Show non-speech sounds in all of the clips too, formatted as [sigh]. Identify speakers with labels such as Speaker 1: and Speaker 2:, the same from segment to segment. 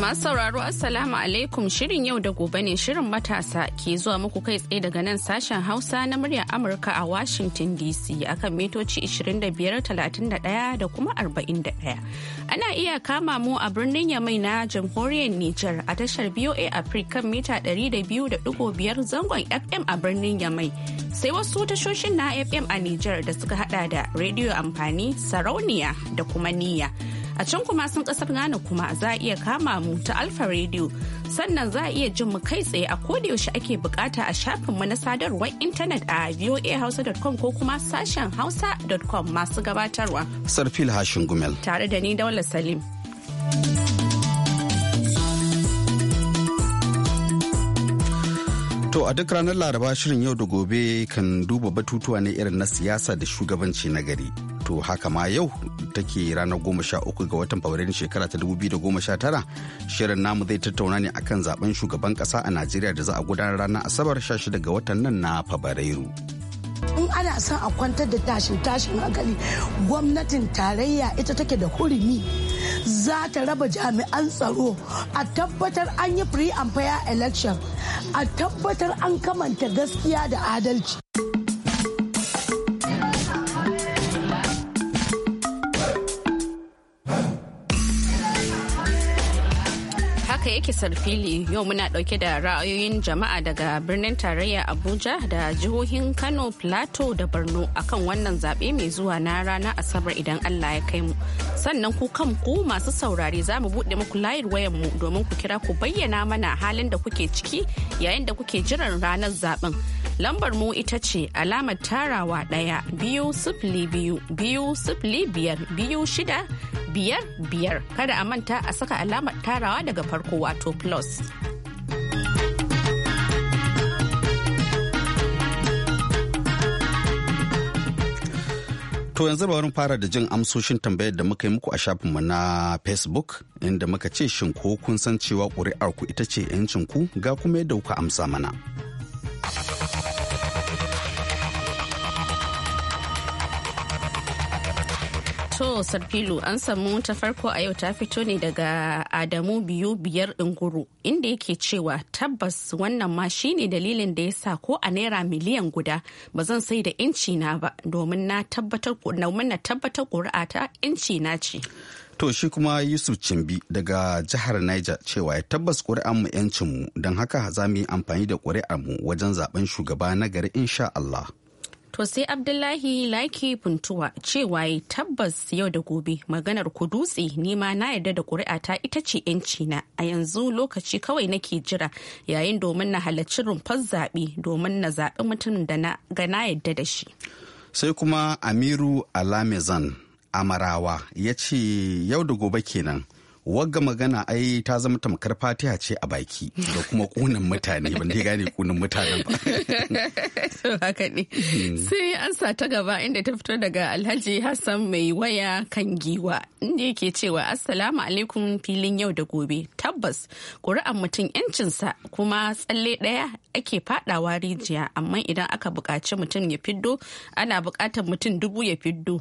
Speaker 1: Masu sauraro Assalamu alaikum shirin yau da gobe ne shirin matasa ke zuwa muku kai tsaye daga nan sashen Hausa na muryar Amurka a Washington DC akan mitoci 25,31 da kuma 41. Ana iya kama mu a birnin Yamai na jamhuriyar Nijar a tashar BOA Africa kan mita 200.5 zangon FM a birnin Yamai. Sai wasu tashoshin na FM a Nijar da suka hada da rediyo amfani, sarauniya da kuma niyya. A can kuma sun kasar Ghana kuma za a iya kama mu ta Alfa Radio sannan za a iya jin mu kai tsaye a yaushe ake bukata a shafinmu na sadarwar intanet a voahausa.com ko kuma sashen hausa.com masu gabatarwa.
Speaker 2: Sarfil Hashin Gumel.
Speaker 1: Tare da ni daular Salim.
Speaker 2: To a duk ranar Laraba shirin yau da gobe kan duba batutuwa ne irin na siyasa da shugabanci na gari. to haka ma yau take ranar goma sha uku ga watan fabrairun shekara ta dubu biyu da goma sha tara shirin namu zai tattauna ne akan zaben shugaban kasa a najeriya da za a gudanar ranar asabar sha shida ga watan nan na fabrairu
Speaker 3: in ana son a kwantar da tashin tashin hankali gwamnatin tarayya ita take da hurumi za ta raba jami'an tsaro a tabbatar an yi free and fair election a tabbatar an kamanta gaskiya da adalci.
Speaker 1: haka yake sarfili yau muna dauke da ra'ayoyin jama'a daga birnin tarayya abuja da jihohin kano plateau da borno akan wannan zaɓe mai zuwa na rana asabar idan allah ya kai mu sannan ku ku masu saurari za mu buɗe muku layar wayan mu domin ku kira ku bayyana mana halin da kuke ciki yayin da kuke jiran ranar zaɓen lambar mu ita ce alamar tarawa ɗaya biyu sifili biyu biyu sifili biyar biyu shida biyar biyar kada a manta a saka alamar tarawa daga farko wato plus.
Speaker 2: To yanzu bari fara da jin amsoshin tambayar da muka yi muku a shafinmu na Facebook inda muka ce shin ko kun san cewa ƙuri'ar ku ita ce 'yancin ku ga kuma yadda kuka amsa mana.
Speaker 1: To Sarfilu an samu ta farko a yau ta fito ne daga Adamu biyu biyar inguru inda yake cewa tabbas wannan ma shine dalilin da ya sa ko a naira miliyan guda ba zan sai da inci na ba domin na tabbatar na tabbatar ƙuri'a ta inci na ce.
Speaker 2: To shi kuma Yusuf Cimbi daga jihar Niger cewa ya tabbas mu yancin mu don haka za mu yi amfani da ƙuri'ar mu wajen zaben shugaba na gari insha Allah.
Speaker 1: To sai Abdullahi Laki Funtuwa cewa ya tabbas yau da gobe maganar ku dutse nima na yarda da ƙuri'ata ita ce yanci na a yanzu lokaci kawai nake jira yayin domin na halarci rumfar zaɓe domin na zaɓi mutum da na ga na yarda da shi.
Speaker 2: Sai kuma Amiru Alamezan Amarawa ya ce yau da gobe kenan. wagga magana ai ta zama tamkar fatiha ce a baki da kuma kunan mutane ban dai gane kunan
Speaker 1: mutanen ba [laughs] haka ne hmm. sai an sa ta gaba inda ta fito daga alhaji hassan mai waya kan giwa inda yake cewa assalamu alaikum filin yau da gobe tabbas ƙuri'an mutum sa kuma tsalle ɗaya ake fadawa rijiya amma idan aka buƙaci mutum ya fiddo ana buƙatar mutum dubu ya fiddo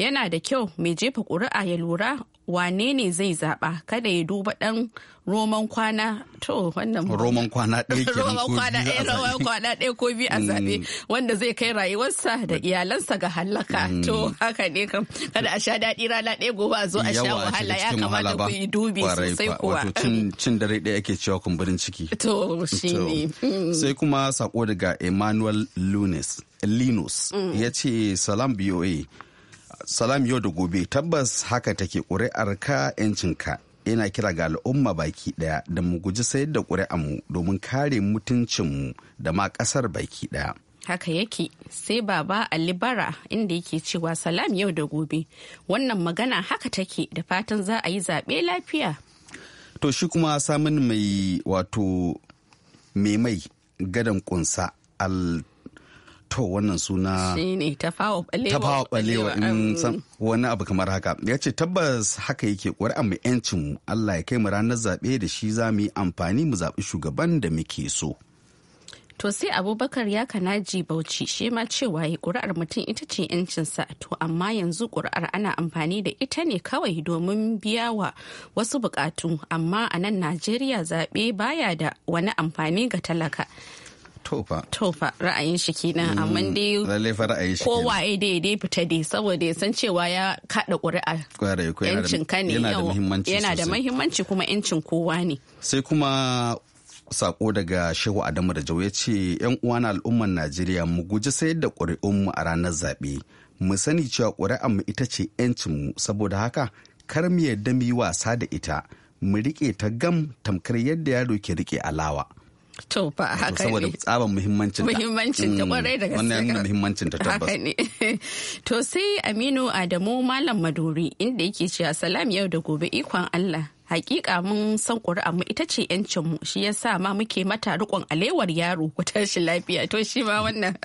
Speaker 1: yana da kyau mai jefa ƙuri'a ya lura wane ne zai zaɓa kada ya duba ɗan roman kwana to wannan roman
Speaker 2: kwana ɗaya [laughs] kenan roman kwana ɗaya roman
Speaker 1: kwana ɗaya ko biyu a zaɓe mm. wanda zai kai rayuwarsa da iyalansa ga halaka mm. to haka ne kam kada a sha daɗi rana ɗaya gobe a zo a sha wahala ya kamata ku yi dubi sosai kuwa wato
Speaker 2: cin dare ɗaya ake cewa kumburin ciki [laughs]
Speaker 1: to shine hmm. sai
Speaker 2: kuma sako daga Emmanuel Lunes Linus mm. ya ce salam BOA salam yau da gobe tabbas haka take ƙuri'ar ka 'yancinka yana kira ga al'umma baki ɗaya da mu guji sayar da mu domin kare mutuncinmu da ma ƙasar baki ɗaya.
Speaker 1: haka yake sai baba alibara inda yake cewa salam yau da gobe wannan magana haka take da fatan za a yi zaɓe lafiya
Speaker 2: to shi kuma samun mai wato mai mai gadan kunsa al to wannan suna
Speaker 1: ta tafawa balewa in mm. san
Speaker 2: wani abu kamar haka ya ce tabbas haka yake ƙuri'a mu yancin mu Allah ya kai mu ranar zaɓe da shi za mu yi amfani mu zaɓi shugaban da muke so
Speaker 1: to sai abubakar ya kanaji bauchi shi ma cewa ya ƙuri'ar mutum ita ce yancinsa to amma yanzu ƙuri'ar ana amfani da ita ne kawai domin biya wa wasu buƙatu amma a nan najeriya zaɓe baya da wani amfani ga talaka tofa tofa ra'ayin shi kenan mm, amma dai lalle fa ra'ayin shi kowa ai dai fita dai saboda ya san cewa ya kada ƙuri'a yancin ka ne yana da muhimmanci yana da muhimmanci kuma yancin kowa ne
Speaker 2: sai kuma sako daga shehu adamu da jau ya ce yan uwa na al'ummar najeriya mu guji sayar da ƙuri'un mu a ranar zaɓe mu sani cewa mu ita ce mu saboda haka kar mu yarda mu yi wasa da ita mu rike ta gam tamkar yadda yaro ke rike alawa
Speaker 1: To fa a haka ne. Saboda
Speaker 2: tsaban muhimmancin ta. Muhimmancin ta mm, kwarai da gaske. Wannan yana muhimmancin ta tabbas. Haka
Speaker 1: ne. [laughs] To sai Aminu Adamu Malam Maduri inda yake cewa salam yau da gobe ikon Allah. Hakika mun san ƙuri'a mu ita ce yancin mu shi ya sa ma muke mata rikon alewar yaro ku tashi lafiya to shi ma wannan.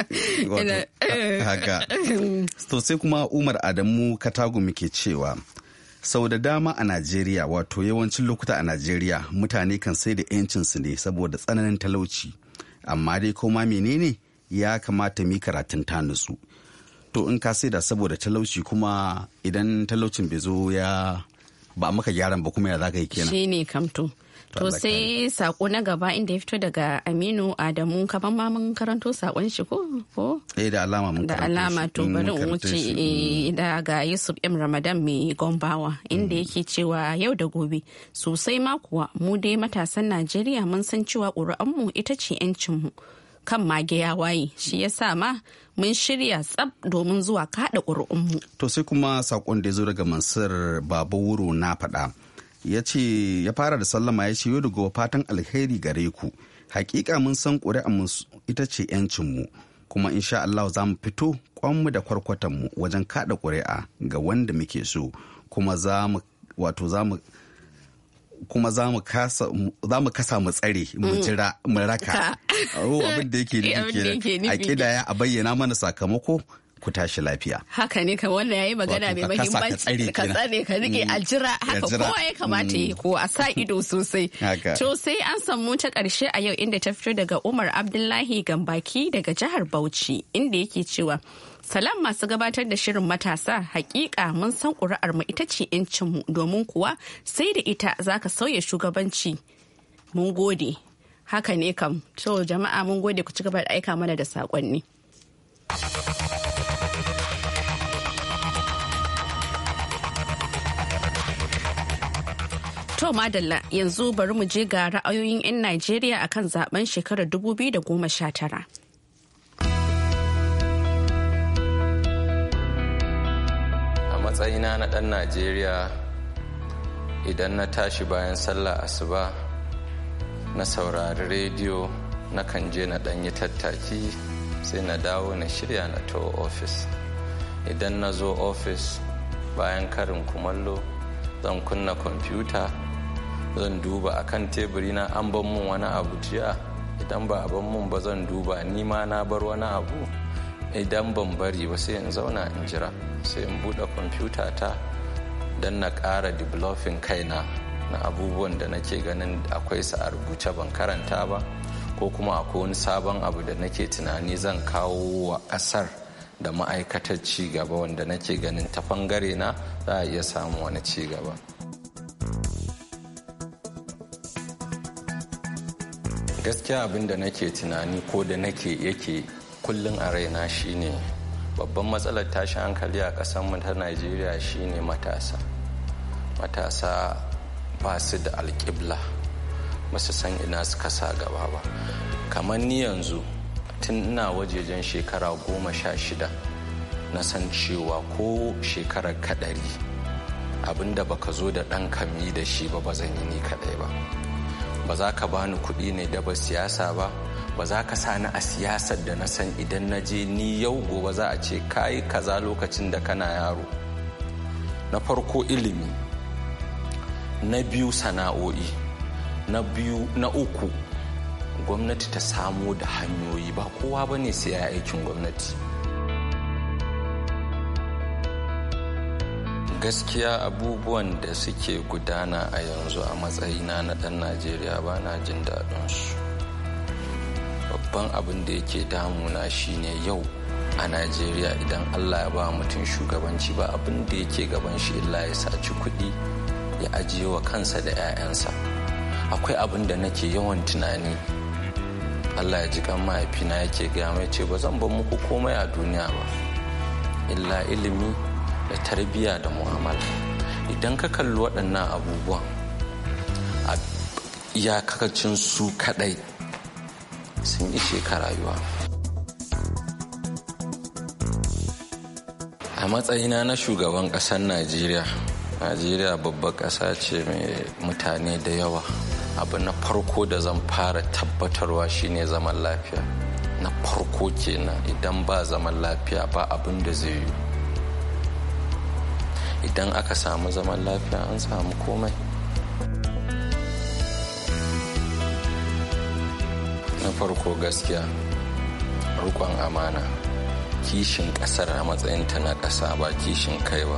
Speaker 1: Haka. [laughs]
Speaker 2: To sai kuma Umar Adamu Katagu muke cewa sau da dama a najeriya wato yawancin lokuta a najeriya mutane kan sai da 'yancinsu ne saboda tsananin talauci amma dai koma menene ya kamata mi karatun ta nutsu to in ka sai da saboda talauci kuma idan talaucin bai zo ya ba maka gyaran ba kuma ya za ka yi kenan shine
Speaker 1: kamto to sai sako na gaba inda ya fito daga aminu adamu kaman ma mun karanto sakon shi ko
Speaker 2: eh da alama mun da alama to mm, bari in wuce
Speaker 1: eh, mm. daga yusuf m ramadan mai gombawa inda mm. yake cewa yau da gobe sosai ma kuwa mu dai matasan najeriya mun san cewa mu ita ce mu. kan mage ya waye shi yasa ma mun shirya tsab domin zuwa kaɗa ƙuri'unmu.
Speaker 2: To sai kuma saƙon da ya zo daga Mansur babu Wuro na faɗa. Ya ce ya fara da sallama ya ce yau da gobe fatan alheri gare ku. Hakika mun san ƙuri'unmu ita ce mu Kuma insha Allah za mu fito kwanmu da kwarkwatanmu wajen kaɗa ƙuri'a ga wanda muke so. Kuma za mu wato za mu kuma za mu kasa mu tsare mu mm. jira mu raka abin da yake [laughs] nufi a kidaya a bayyana mana sakamako ku tashi lafiya.
Speaker 1: Haka ne ka wannan yayi magana mai mahimmanci ka tsare ka rike a mm. jira haka kowa ya kamata yi mm. ko a sa ido sosai. [laughs] To sai an samu ta karshe a yau inda ta fito daga Umar Abdullahi Gambaki daga jihar Bauchi inda yake cewa Salam masu gabatar da shirin matasa hakika mun san ƙuri'ar mu ita ce mu domin kuwa sai da ita za ka sauya shugabanci. Mun gode. Haka ne kam, to jama'a mun gode ku ci gaba da aika mana da saƙonni. To Madalla yanzu bari mu je ga ra'ayoyin 'yan Najeriya akan zaben shekarar 2019.
Speaker 4: matsayina na ɗan najeriya idan na tashi bayan sallah asuba na saurari rediyo na kan je na ɗanyi tattaki sai na dawo na shirya na tawo ofis idan na zo ofis bayan karin kumallo zan kunna kwamfuta zan duba akan teburi na an ban mun wani abu jiya idan ba a ban mun ba zan duba ni ma na bar wani abu idan ban bari ba sai in zauna in jira sai in buɗe kwamfuta ta don na ƙara developing kaina na abubuwan da nake ganin akwai su a rubuce ban karanta ba ko kuma akwai wani sabon abu da nake tunani zan kawo wa ƙasar da ma'aikatar gaba wanda nake ganin ta fangare na za a iya samu wani cigaba. gaskiya abin da nake tunani ko da nake yake kullum a raina shine babban matsalar tashin hankali a mu ta najeriya shine matasa matasa ba su da alƙibla ba san ina suka sa gaba ba kamar ni yanzu tun ina wajejen shekara goma sha shida na san cewa ko shekarar kaɗari abinda baka zo da ɗan kami da shi ba ba zan yi ni kaɗai ba ba za ka bani kuɗi ne da ba siyasa ba ba za ka sani a siyasar da na san idan na je ni yau gobe za a ce kayi kaza lokacin da kana yaro na farko ilimi na biyu sana'o'i na biyu na uku gwamnati ta samo da hanyoyi ba kowa ba ne sai ya aikin gwamnati gaskiya abubuwan da suke gudana a yanzu a matsayina na ɗan najeriya ba na jin su. babban abin da yake damuna shine yau a najeriya idan allah ya ba mutum shugabanci ba abin da yake gaban shi illa ya saci kuɗi ya ajiye wa kansa da 'ya'yansa akwai abin da nake yawan tunani allah ya ji kan mahaifina yake gaya mai ce ba zan ba muku komai a duniya ba illa ilimi da tarbiyya da mu'amala idan ka kalli waɗannan abubuwan a iyakacin su kaɗai sun yi ka rayuwa a matsayina na shugaban ƙasar najeriya najeriya babbar ƙasa ce mai mutane da yawa abu na farko da zan fara tabbatarwa shine zaman lafiya na farko kenan idan ba zaman lafiya ba abin da zai yi idan aka samu zaman lafiya an samu komai farko gaskiya rukon amana kishin kasar a matsayin na kasa ba kishin kaiwa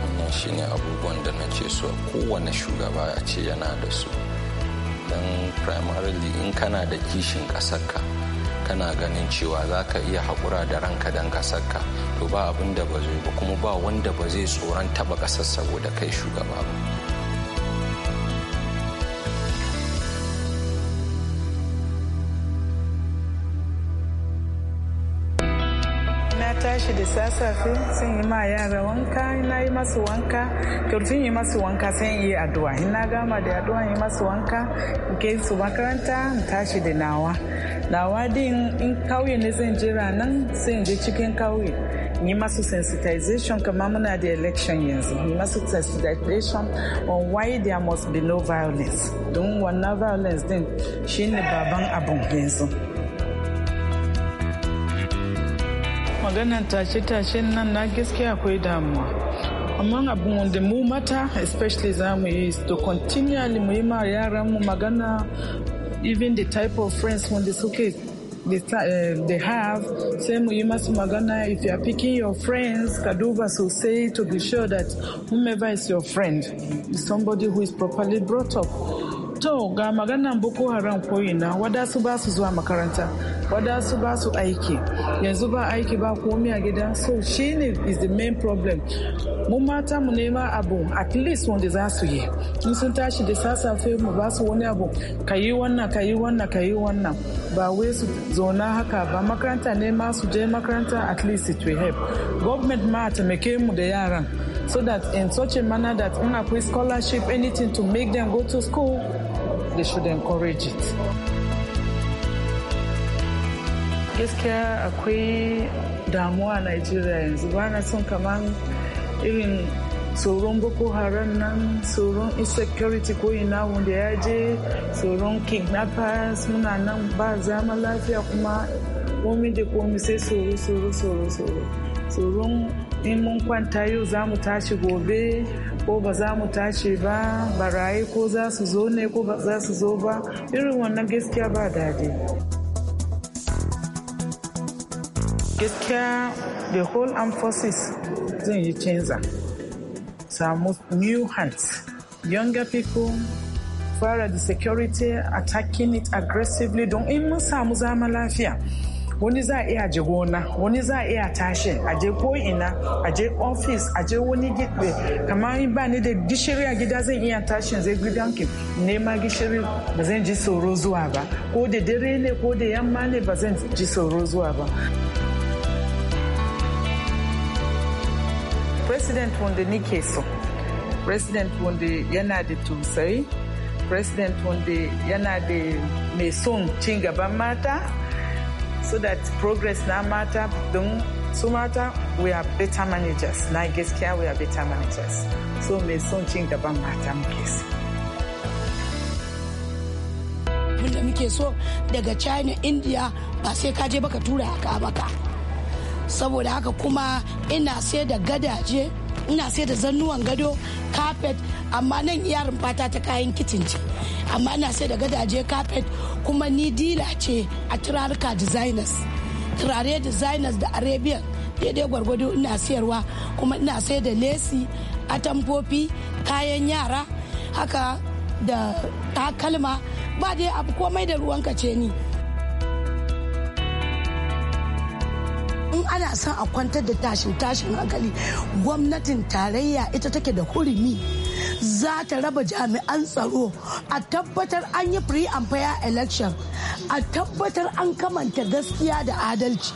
Speaker 4: wannan shi ne abubuwan da na ce su kowane shugaba a ce yana da su don primarily in kana da kishin ka kana ganin cewa za ka iya haƙura da ranka don kasarka to ba abin da ba zai ba kuma ba wanda ba zai tsoron taɓa ƙasar saboda kai shugaba ba
Speaker 5: tashi da sassafe sun yi ma yara wanka na yi masu wanka kyautun yi masu wanka sun yi addu'a in gama da addu'a yi masu wanka in su makaranta tashi da nawa nawa din in kauye ne zan jira nan sun je cikin kauye yi masu sensitization kamar muna da election yanzu yi masu sensitization on why there must be no violence don wannan violence din shine baban abun yanzu maganan tashe-tashen nan na gaskiya akwai damuwa amma abin wanda mu mata especially za mu yi to continually mu yi ma yaran mu magana even the type of friends wanda suke they, uh, eh, they have same mu yi magana if you are picking your friends ka duba sosai to be sure that whomever is your friend is somebody who is properly brought up To ga maganan Boko Haram koyina wadasu ba su zuwa makaranta, wadasu ba su aiki, yanzu ba aiki ba komi a gida so shi ne is the main problem. Mun mata mu nema abu at least wanda za su yi. In sun tashi da sassafe mu ba su wani abu ka yi wannan ka yi wannan ka yi wannan ba wai su zauna haka ba makaranta ne ma su je makaranta at least it will help. Government ma taimake mu da yaran so that in such a manner that in akwai scholarship anything to make them go to school they should encourage it. Gaskiya akwai damuwa a Najeriya yanzu bana na kaman irin tsoron boko haram nan tsoron insecurity ko ina wanda ya je tsoron kidnappers muna nan ba zama lafiya kuma komi da komi sai tsoro tsoro tsoro tsoro tsoron in mun kwanta yau za mu tashi gobe ko ba za mu tashi ba barayi ko za su zo ne ko ba za su zo ba irin wannan gaskiya ba daɗi gaskiya the whole armed forces zan yi canza samu new hands younger people fara the security attacking it aggressively don in mun samu zama lafiya wani za a iya je gona wani za a iya tashi a je ko ina a je ofis a je wani gidbe kamar in ba ni da gishiri a gida zan iya tashi zai gidanki nema gishiri ba zan ji tsoro zuwa ba ko da dare ne ko da yamma ne ba zan ji tsoro zuwa ba president wanda nike so president wanda yana da tausayi president wanda yana da mai son cin gaban mata so that progress na mata don su mata we are better managers na gaskiya we are better managers so mai son cin gaban mata muke su
Speaker 3: da muke so daga china india ba sai ka je baka tura haka baka saboda haka kuma ina sai da gadaje ina sai da zannuwan gado carpet amma nan iya fata ta kayan kicin ce amma na sai da gadaje carpet kuma ni dila ce a turaruka designers turare designers da arabian daidai gwargwado ina sayarwa kuma ina sai da lesi atamfofi kayan yara haka da takalma ba dai abu komai da ruwanka ce ni in ana son a kwantar da tashin tashin hankali gwamnatin tarayya ita take da hurumi za ta raba jami'an tsaro a tabbatar an yi free and fair election a tabbatar an kamanta gaskiya da adalci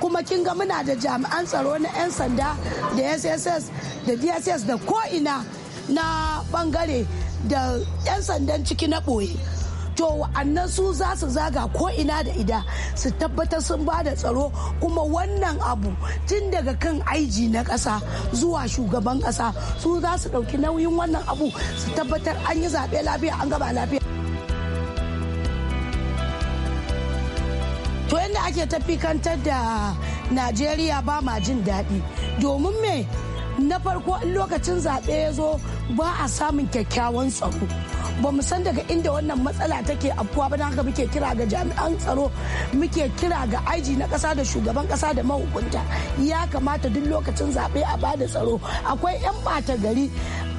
Speaker 3: kuma kin ga muna da jami'an tsaro na 'yan sanda da sss da dss da ko'ina na bangare da 'yan sandan ciki na ɓoye to wa'annan su za su zaga ko ina da ida su tabbatar sun ba da tsaro kuma wannan abu tun daga kan aiji na ƙasa zuwa shugaban ƙasa su za su ɗauki nauyin wannan abu su tabbatar an yi zaɓe lafiya an gaba lafiya to yadda ake tafikantar da najeriya ba ma jin daɗi domin me na farko in lokacin zaɓe ya zo ba a samun kyakkyawan tsaro ba mu san daga inda wannan matsala take afkuwa ba haka muke kira ga jami'an tsaro muke kira ga aiji na ƙasa da shugaban ƙasa da mahukunta ya kamata duk lokacin zaɓe a bada tsaro akwai 'yan ɓata gari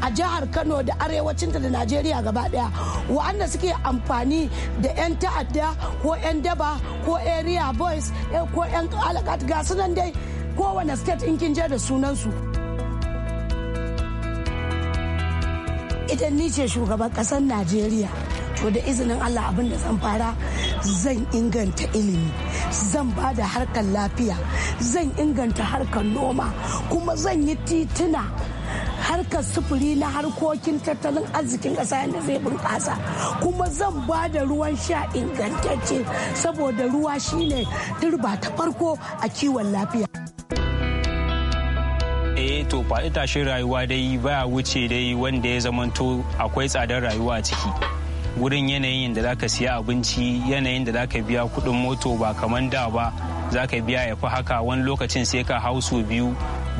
Speaker 3: a jihar kano da arewacin da najeriya gaba daya wa'anda suke amfani da 'yan ta'adda ko 'yan daba ko area boys eh, ko 'yan alakat ga sunan dai kowane state in kin je da sunansu. idan ni ce shugaban ƙasar najeriya to da izinin allah abin da zan fara zan inganta ilimi zan ba da harkar lafiya zan inganta harkar noma kuma zan yi tituna harkar sufuri na harkokin tattalin arzikin ƙasa yadda zai bunƙasa kuma zan ba da ruwan sha ingantacce saboda ruwa shine turba ta farko a kiwon lafiya.
Speaker 6: Eh, to faɗi tashin rayuwa dai baya wuce dai wanda ya zamanto akwai tsadar rayuwa a ciki wurin yanayin da zaka siya abinci yanayin da zaka biya kuɗin moto ba kamar da ba zaka biya ya fi haka wani lokacin sai ka hau sau biyu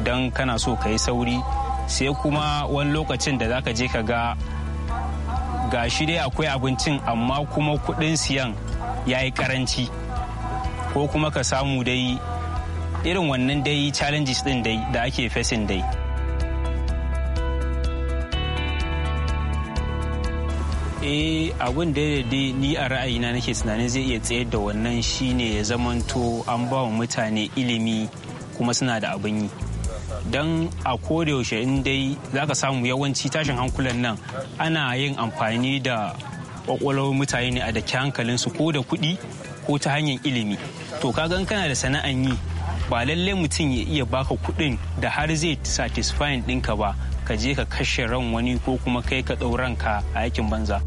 Speaker 6: don kana so ka yi sauri sai kuma wani lokacin da zaka je ka ga ga shi dai akwai abincin amma kuma kuɗin siyan ya yi karanci ko kuma ka samu dai irin wannan dai challenges din dai da ake facing dai eh abun da dai ni a ra'ayina nake tunanin zai iya tsayar da wannan shine ya zamanto an ba wa mutane ilimi kuma suna da abin yi don a kodayaushe in dai za ka samu yawanci tashin hankulan nan ana yin amfani da kwakwalwar mutane ne a da hankalinsu ko da kuɗi ko ta hanyar ilimi to kagan kana da sana'an yi ba lalle mutum ya iya baka kuɗin da har zai satisfying ɗinka ba ka je ka kashe ran wani ko kuma kai ka ɗau ranka a aikin banza.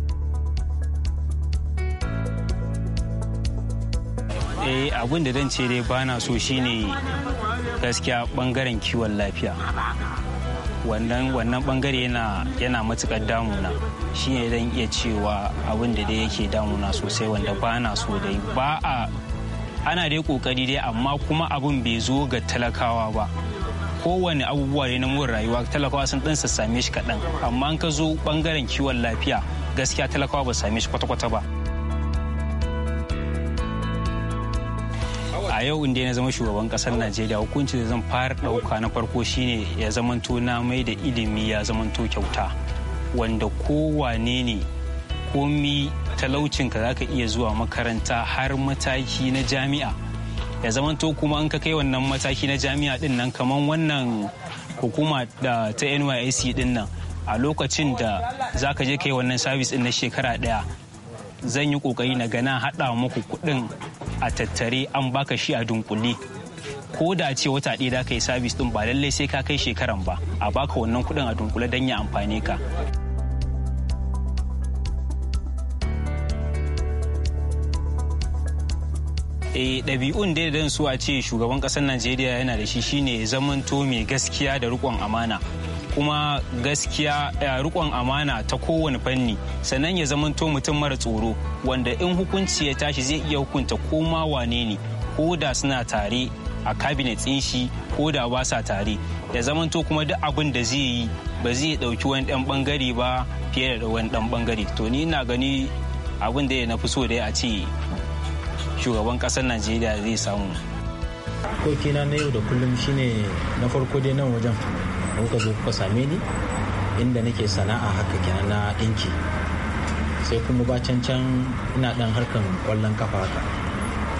Speaker 6: eh abin da zan ce dai bana so shine gaskiya bangaren kiwon lafiya wannan wannan bangare yana yana matukar damuna shine dan iya cewa abin da dai yake damuna sosai wanda bana so dai ba a ana dai kokari dai amma kuma abun bai zo ga talakawa ba kowane abubuwa ne na mun rayuwa talakawa sun dan same shi kaɗan amma an ka zo bangaren kiwon lafiya gaskiya talakawa ba same shi kwata-kwata ba a yau inda na zama shugaban kasar najeriya hukunci da zan fara ɗauka na farko shine ya zamanto na mai da ilimi ya zamanto kyauta wanda kowane ne komi talaucinka za ka iya zuwa makaranta har mataki na jami'a ya zamanto kuma an ka kai wannan mataki na jami'a din nan kamar wannan hukuma da ta nysc din nan a lokacin da za ka je kai wannan sabis din na shekara daya zan yi kokari na gana haɗa muku kuɗin a tattare an baka shi a dunkule ko da ce wata ɗaya da ka yi sabis din ba lallai sai ka kai shekaran ba a baka wannan kuɗin a dunkule don ya amfane ka Eh, ɗabi'un da ya su a ce shugaban ƙasar najeriya yana da shi shine zamanto mai gaskiya da rikon amana kuma gaskiya eh, riƙon amana ta kowane fanni sannan ya zamanto mutum mara tsoro wanda in hukunci ya tashi zai iya hukunta ko ma wane ne ko da suna tare a cabinet ɗin shi ko da ba sa tare ya zamanto kuma duk abin da zai yi ba zai ɗauki wani ɗan bangare ba fiye da wani dan bangare to ni ina gani abin da ya nafi so da ya a ce shugaban kasar najeriya zai samu
Speaker 7: kokina na yau da kullum shine na farko dai nan wajen kuka zo kuka same ni inda nake sana'a haka kenan na ɗinki sai kuma ba can can ina ɗan harkan ƙwallon kafa haka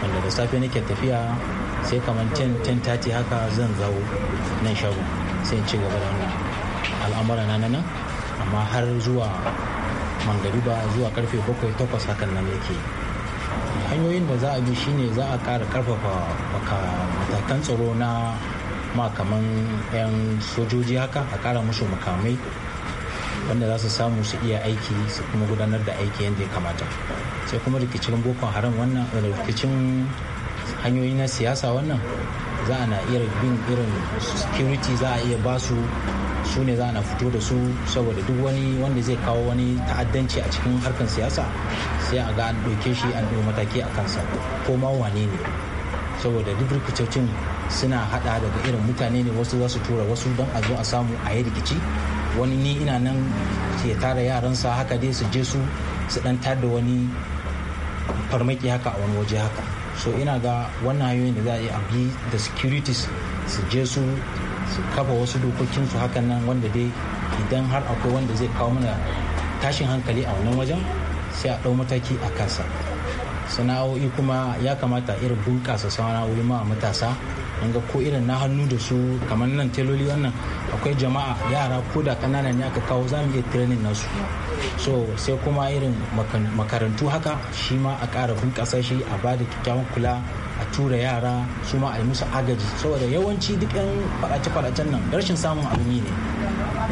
Speaker 7: wanda da safe nake tafiya sai kamar ten tati haka zan zawo nan shago sai ci gaba da wannan al'amura na nan amma har zuwa mangariba zuwa karfe bakwai takwas hakan nan yake hanyoyin da za a bi shine za a karfafa ƙarfafa matakan tsaro na makaman 'yan sojoji haka a kara musu makamai wanda za su samu su iya aiki su kuma gudanar da aiki yadda ya kamata sai kuma rikicin boko haram wannan eh, rikicin hanyoyi na siyasa wannan za a na iya bin irin security za a iya basu. su ne za na fito da su saboda duk wani wanda zai kawo wani ta'addanci a cikin harkar siyasa sai a ga an ɗauke shi an ɗau mataki a kansa ko ma wane ne saboda duk rikicocin suna hada daga irin mutane ne wasu za su tura wasu don a zo a samu a yi rikici wani ni ina nan ya tara yaransa haka dai su je su su dan tar da wani farmaki haka a wani waje haka so ina ga wannan hanyoyin da za a yi a bi da securities su je su su kafa wasu dokokinsu hakan nan wanda dai idan har akwai wanda zai kawo mana tashin hankali a wannan wajen sai a ɗau mataki a kansa sana'o'i kuma ya kamata irin bunƙasa sana'o'i ma matasa an ga ko irin na hannu da su kamar nan teloli wannan akwai jama'a yara ko da kanana ne aka kawo za mu iya training su so sai kuma irin makarantu haka shi ma a ƙara bunƙasa shi a ba da kyakkyawan kula a tura yara su ma a yi musu agaji saboda yawanci duk 'yan faɗace-faɗacen nan rashin samun abin ne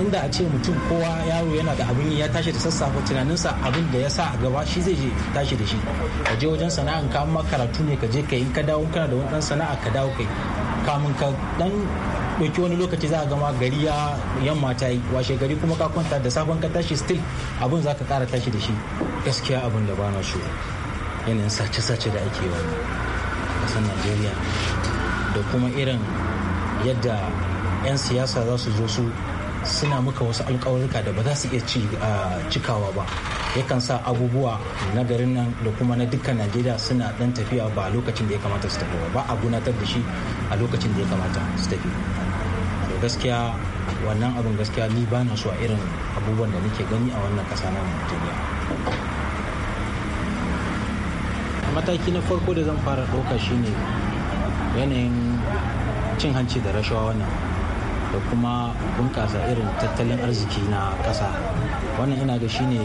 Speaker 7: inda a ce mutum kowa yaro yana da abin ya tashi da sassafe tunaninsa abin da ya sa a gaba shi zai je tashi da shi ka je wajen sana'an ka amma karatu ne ka je ka in ka dawo kana da wani sana'a ka dawo kai kamun ka dan ɗauki wani lokaci za a gama gari ya yamma ta yi washe gari kuma ka kwanta da sabon ka tashi still abin za ka kara tashi da shi gaskiya abin da bana so yanayin sace-sace da ake wa ƙasar najeriya da kuma irin yadda 'yan siyasa za su zo su suna muka wasu alkawarika da ba za su iya cikawa ba yakan sa abubuwa na garin nan da kuma na dukkan najeriya suna dan tafiya ba lokacin da ya kamata su tafi ba a gunatar da shi a lokacin da ya kamata su tafi gaskiya wannan abin gaskiya ni ba na so a irin abubuwan da nake gani a wannan kasa na najeriya mataki na farko da zan fara ɗauka shine yanayin cin hanci da rashawa wannan da kuma bunƙasa irin tattalin arziki na ƙasa wannan ina ga shine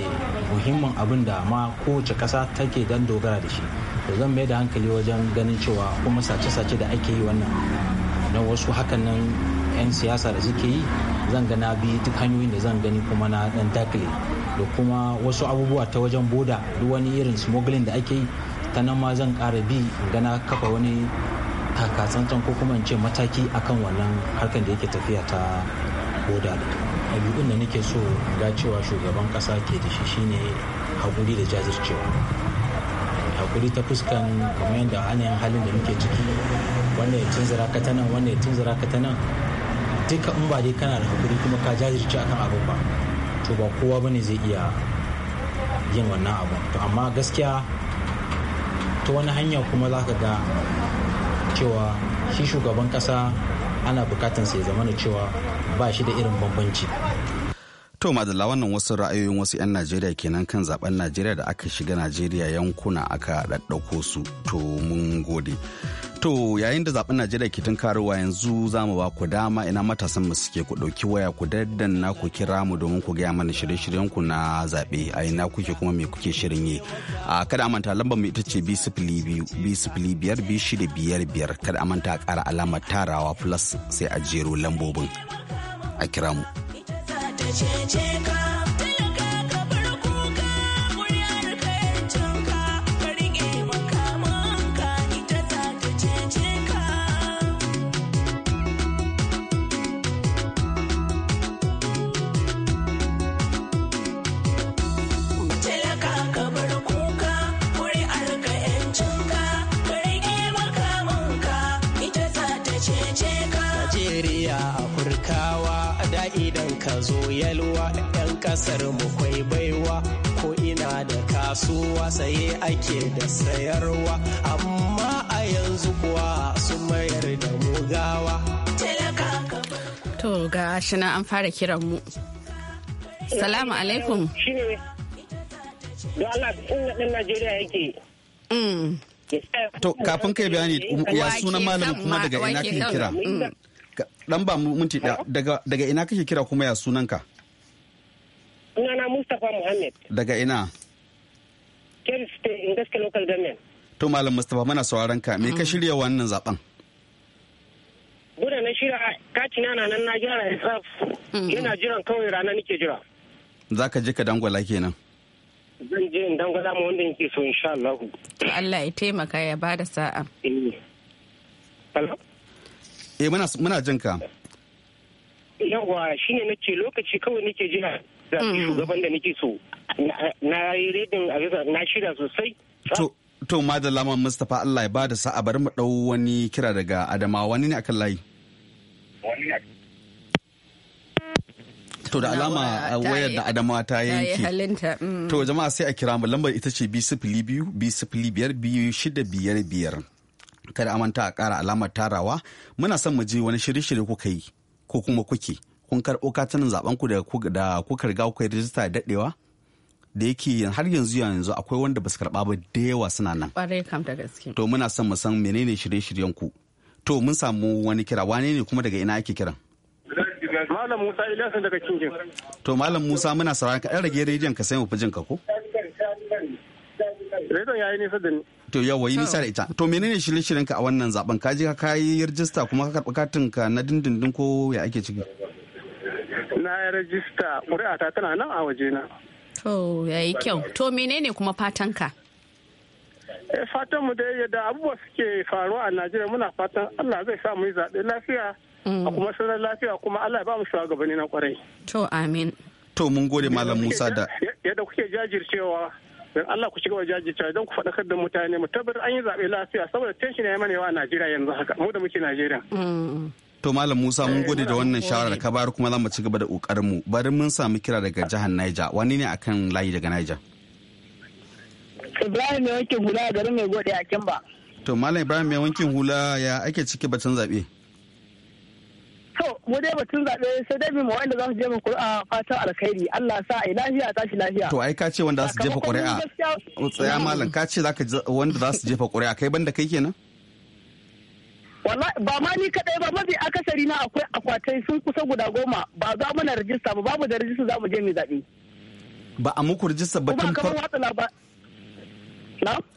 Speaker 7: muhimmin abin da ma kowace ƙasa take dan dogara da shi da zan mai da hankali wajen ganin cewa kuma sace-sace da ake yi wannan na wasu hakan nan 'yan siyasa da suke yi zan gana bi duk hanyoyin da zan gani kuma na dan takile da kuma wasu abubuwa ta wajen boda duk wani irin smuggling da ake yi ta nan ma zan kara bi gana kafa wani taka ko kuma in ce mataki akan wannan harkar da yake tafiya ta boda ɗabi'un da nake so ga cewa shugaban kasa ke da shi shine haƙuri da jajircewa haƙuri ta fuskan kamar yadda anayin halin da muke ciki wanda ya tun zira ka nan wanda ya tun zira ka nan duka in ba dai kana da hakuri kuma ka jajirce akan abin ba to ba kowa bane zai iya yin wannan abu to amma gaskiya ta wani hanya kuma za ka ga cewa shi shugaban kasa ana bukatan sai zama na cewa ba shi da irin bambanci
Speaker 2: to madalla wannan wasu ra'ayoyin wasu 'yan najeriya kenan kan zaben najeriya da aka shiga najeriya yankuna aka ɗaɗɗauko su to mun gode To yayin da zaben Najeriya ke karuwa yanzu za mu ba ku dama ina matasan mu suke ku ɗauki waya ku na ku kira mu domin ku gaya mana shirye-shiryen ku na zaɓe a ina kuke kuma me kuke shirin yi. A kada manta lambar mu ita ce b sifili biyar b shida biyar biyar kada manta ƙara alamar tarawa plus sai a jero lambobin a kira mu.
Speaker 7: saye ake da sayarwa amma a yanzu kuwa su mayar da mugawa. To
Speaker 1: ga shi na an fara kiran mu. Salamu alaikum.
Speaker 7: Allah ɗin Najeriya yake. Mm. To kafin kai bayani ya eh, sunan malamin kuma daga ina kake kira.
Speaker 2: Dan ba minti daga ina kake kira kuma ya sunanka.
Speaker 7: na Mustapha Muhammad. Daga ina? Kebbi State in gaske local government.
Speaker 2: To Malam Mustapha muna sauraron ka me ka mm. shirya wannan zaben?
Speaker 7: Guda na shirya kacina na nan na gyara hisab mm. yana jiran kawai rana nake jira.
Speaker 2: Za ka je ka dangwala kenan.
Speaker 7: Zan je in dangwala ma wanda yake so insha Allah.
Speaker 1: Allah ya taimaka ya bada sa'a.
Speaker 7: Eh.
Speaker 2: eh muna muna jin ka.
Speaker 7: Yawwa shine nace lokaci kawai nake jira Mm. shugaban da nake so na yi redin a na shirya sosai.
Speaker 2: To ma da lamar Mustapha Allah ya ba da sa'a bari mu ɗau wani kira daga Adama wani ne akan layi? Wani ne To da alama uh, wayar da Adama ta yanke. Mm. To jama'a sai a kira mu lambar ita ce biyu sifili biyu biyu sifili biyar biyu shida biyar biyar. Kada amanta a ƙara alamar tarawa muna son mu je wani shirye-shirye kuka yi ko kuma kuke kun karɓo katunan zaben ku da kuka riga kuka rijista da daɗewa? da yake har yanzu yanzu akwai wanda basu karɓa ba da yawa suna nan. To muna son mu san menene shirye-shiryen ku. To mun samu wani kira wane ne kuma daga ina ake kiran?
Speaker 7: Malam Musa Ilyasu daga Kingin.
Speaker 2: To Malam Musa muna sauraron ka ɗan rage rediyon ka sai mu fi jin ka ko?
Speaker 7: Rediyon yayi nisa da ni.
Speaker 2: To yawa yi nisa da ita. To menene shirye-shiryen ka a wannan zaben? Ka je ka yi rijista kuma ka karɓi katin ka na dindindin ko ya ake ciki? na ya rajista ta tana nan a wajena.
Speaker 1: To yayi kyau. To menene kuma fatanka?
Speaker 7: Eh fatan mu da yadda abubuwa suke faruwa a Najeriya muna fatan Allah zai sa mu yi zaɓe lafiya. Mm. A kuma sanar lafiya kuma Allah ya ba mu shugabanni na kwarai.
Speaker 2: To amin. To mun gode Malam Musa da.
Speaker 7: Yadda kuke jajircewa don Allah ku cigaba jajircewa don ku faɗakar da mutane mu tabbatar an yi zaɓe lafiya saboda
Speaker 6: tension ya mana yawa a Najeriya yanzu haka mu da muke Najeriya. Mm.
Speaker 2: To Malam Musa mun gode da wannan shawarar ka bayar kuma za mu ci gaba da kokarin mu. Bari mun samu kira daga jihar Niger. Wani ne akan layi daga Niger? Ibrahim ya wankin hula a garin mai gode a Kimba. To Malam Ibrahim ya wankin hula ya ake ciki batun zaɓe? To mu dai batun
Speaker 6: zaɓe sai dai mu wanda za su je mu kuri'a fatan alkhairi Allah sa ai lafiya tashi lafiya. To ai ka ce wanda
Speaker 2: za su jefa ƙuri'a Tsaya malam ka ce wanda za su jefa ƙuri'a kai banda kai kenan?
Speaker 5: ba ma ni kadai ba mafi akasari na akwai akwatai sun kusa
Speaker 2: guda goma ba za mu na rajista ba babu da rajista za mu je mu zaɓe. ba a muku rajista ba tun farko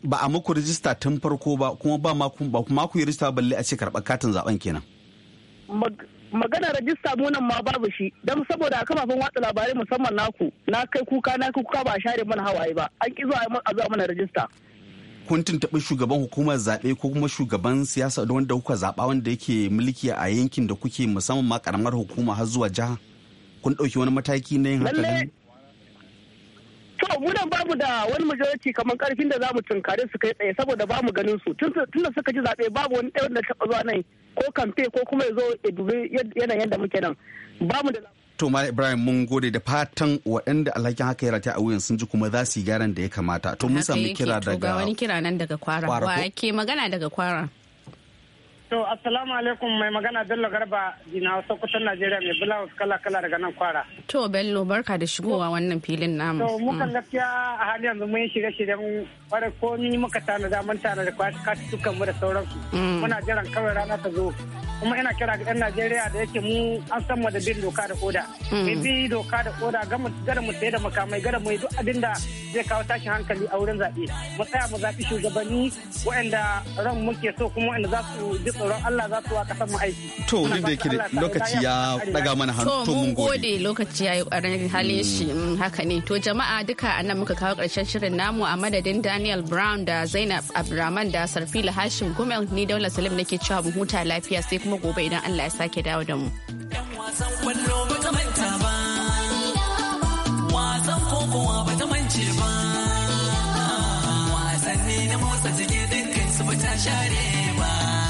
Speaker 2: ba a muku rajista tun farko ba kuma ba ma ba kuma ku yi rajista balle a ce karɓar katin zaben kenan magana rajista mu nan ma babu shi don saboda a kafafen watsa labarai musamman naku na kai kuka na kai kuka ba a share mana hawaye ba an ki zuwa a zuwa mana rajista kun tuntuɓi shugaban hukumar zaɓe ko kuma shugaban siyasa da wanda kuka zaɓa wanda yake mulki a yankin da kuke musamman ma karamar hukuma har zuwa jiha kun ɗauki wani mataki na yin haka
Speaker 7: to mu ba babu da wani majority kamar karfin da zamu tunkare su kai tsaye saboda bamu ganin su tun da suka
Speaker 2: ji zaɓe babu wani ɗaya wanda taɓa zuwa nan ko kamfe ko kuma ya zo ya dubi yanayin yadda muke nan mu da to ma ibrahim mun gode da fatan waɗanda alhakin haka ya rata a wuyan sun ji kuma za su yi gyaran da ya kamata to mun sami kira daga wani
Speaker 1: kwara wa ke magana daga kwara
Speaker 7: To, assalamu alaikum mai magana Bello Garba na kusan Najeriya mai bulawus kala-kala daga nan kwara.
Speaker 1: To, Bello, barka da shigowa wannan filin namu. To, muka mm.
Speaker 7: gaskiya a hali yanzu mun shirye-shiryen kwarai ko ni muka tana da mun tana da kwashi mu da sauransu. Mm. Muna jiran kawai rana ta zo. Kuma ina kira ga 'yan Najeriya da yake mu an san mu da bin doka da oda. Mm. Mu bi doka da oda gada mu sai da makamai gada mu yi duk abin da zai kawo tashin hankali a wurin zaɓe mu tsaya mu zaɓi shugabanni waɗanda ran muke so kuma waɗanda za su ji tsoron Allah za su wa ƙasar mu aiki. To duk da yake lokaci ya ɗaga
Speaker 2: mana hannu to mun gode.
Speaker 1: lokaci ya yi ƙarin halin shi mm. Mm, haka ne. To jama'a duka a nan muka kawo ƙarshen shirin namu a madadin Daniel Brown da Zainab Abdulrahman da Sarfila Hashim Gumel ni Daula Salim nake cewa mu huta lafiya sai kuma gobe idan Allah ya sake dawo da mu.
Speaker 3: Wasan kwallo ba ta manta ba, wasan kokowa ba ta dace
Speaker 5: ba wasanni na motsa jiki dinkin su ba ta share ba